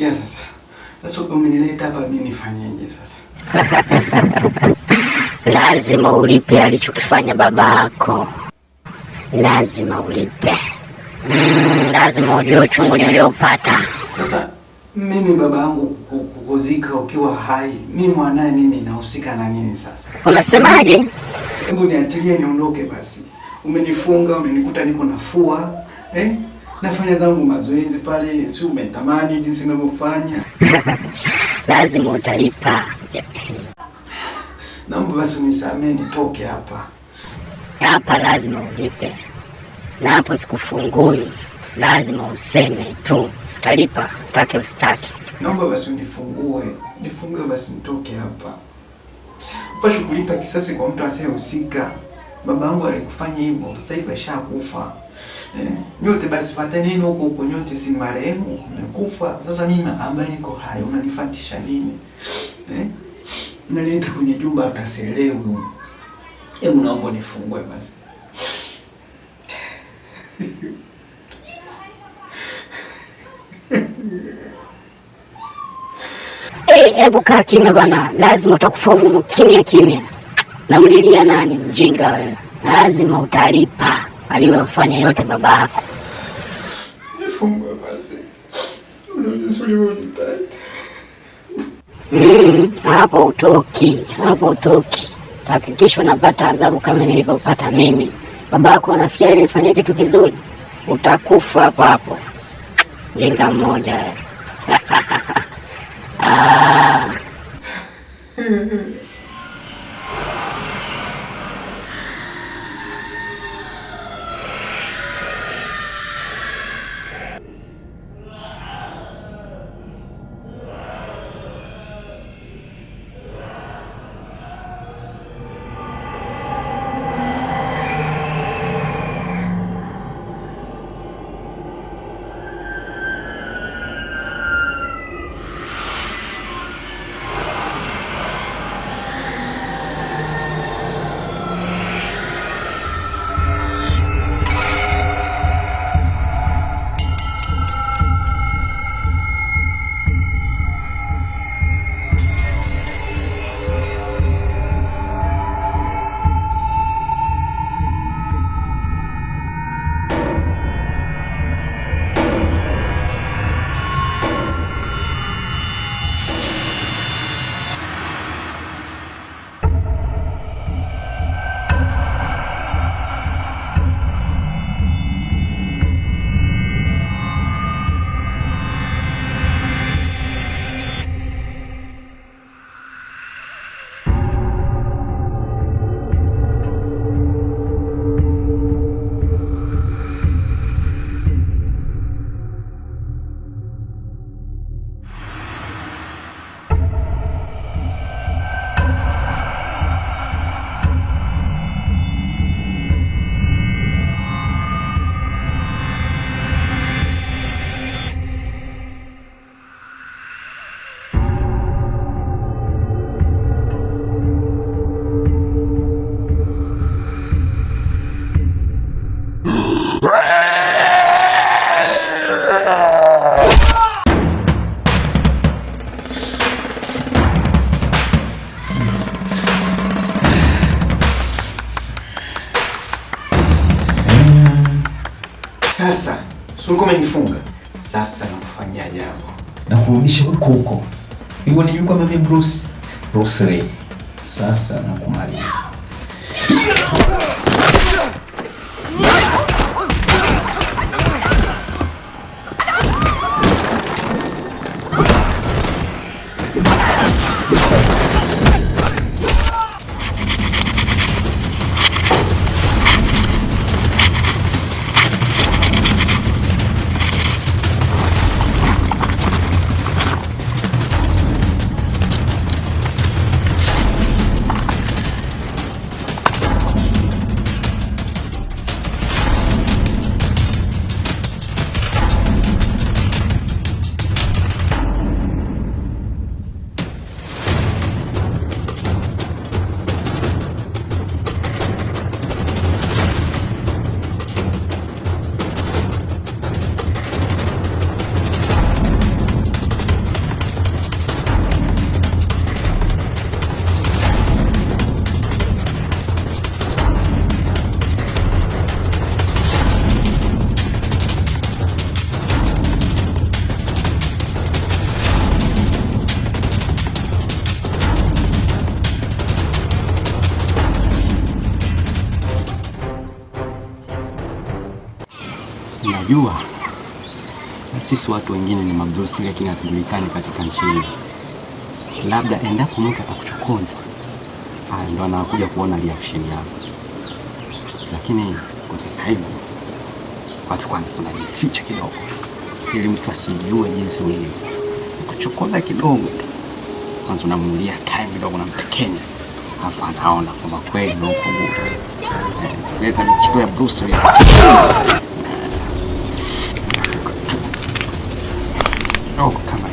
Sikia sasa. Sasa umenileta hapa mimi nifanyeje sasa? Lazima ulipe alichokifanya baba yako. Lazima ulipe. Mm, lazima ujue uchungu niliopata. Sasa mimi baba yangu kukuzika ukiwa hai, mimi mwanaye, mimi nahusika na nini sasa? Unasemaje? Hebu niachilie niondoke basi. Umenifunga, umenikuta niko nafua, eh? nafanya zangu mazoezi pale, si umetamani jinsi ninavyofanya? Lazima utalipa. Naomba basi unisamee nitoke hapa hapa, lazima ulipe, na hapo sikufungui, lazima useme tu, utalipa utake usitake. Naomba basi unifungue, nifungue basi nitoke hapa. Upashi kulipa kisasi kwa mtu asiyehusika. Baba yangu alikufanya hivyo, sasa hivi ashakufa. Eh, nyote basi fatanini huko huko, nyote si marehemu, mmekufa. Sasa mimi ambaye niko hai unanifatisha nini? Eh? Naleta kwenye jumba utaselewu. Hebu naomba nifungue basi. Eh, hebu hey, kaa kimya bwana, lazima utakufa kimya kimya. Namlilia nani mjinga wewe? Lazima utalipa aliyofanya yote baba yako. Mm, hapo utoki, hapo utoki. Hakikisha unapata adhabu kama nilivyopata mimi. Baba yako anafikiri nilifanya kitu kizuri, utakufa hapo hapo. Jenga mmoja ah. Sasa si ulikuwa Sasa nakufanyia jambo na kurudisha huko huko hivyo, ni kama mimi Bruce Bruce Lee, sasa nakumaliza. tunajua na sisi watu wengine ni mabrusi, lakini hatujulikani katika nchi hii. Labda endapo mtu atakuchokoza, haya ndo anakuja kuona reaction yako, lakini kwa sasa hivi watu kwanza tunajificha kidogo, ili mtu asijue jinsi ulivyo. Kuchokoza kidogo kwanza, unamulia time kidogo, unamtekenya, hapa, anaona kwamba kweli ukubwa. Eh, leta michito ya brusi を考え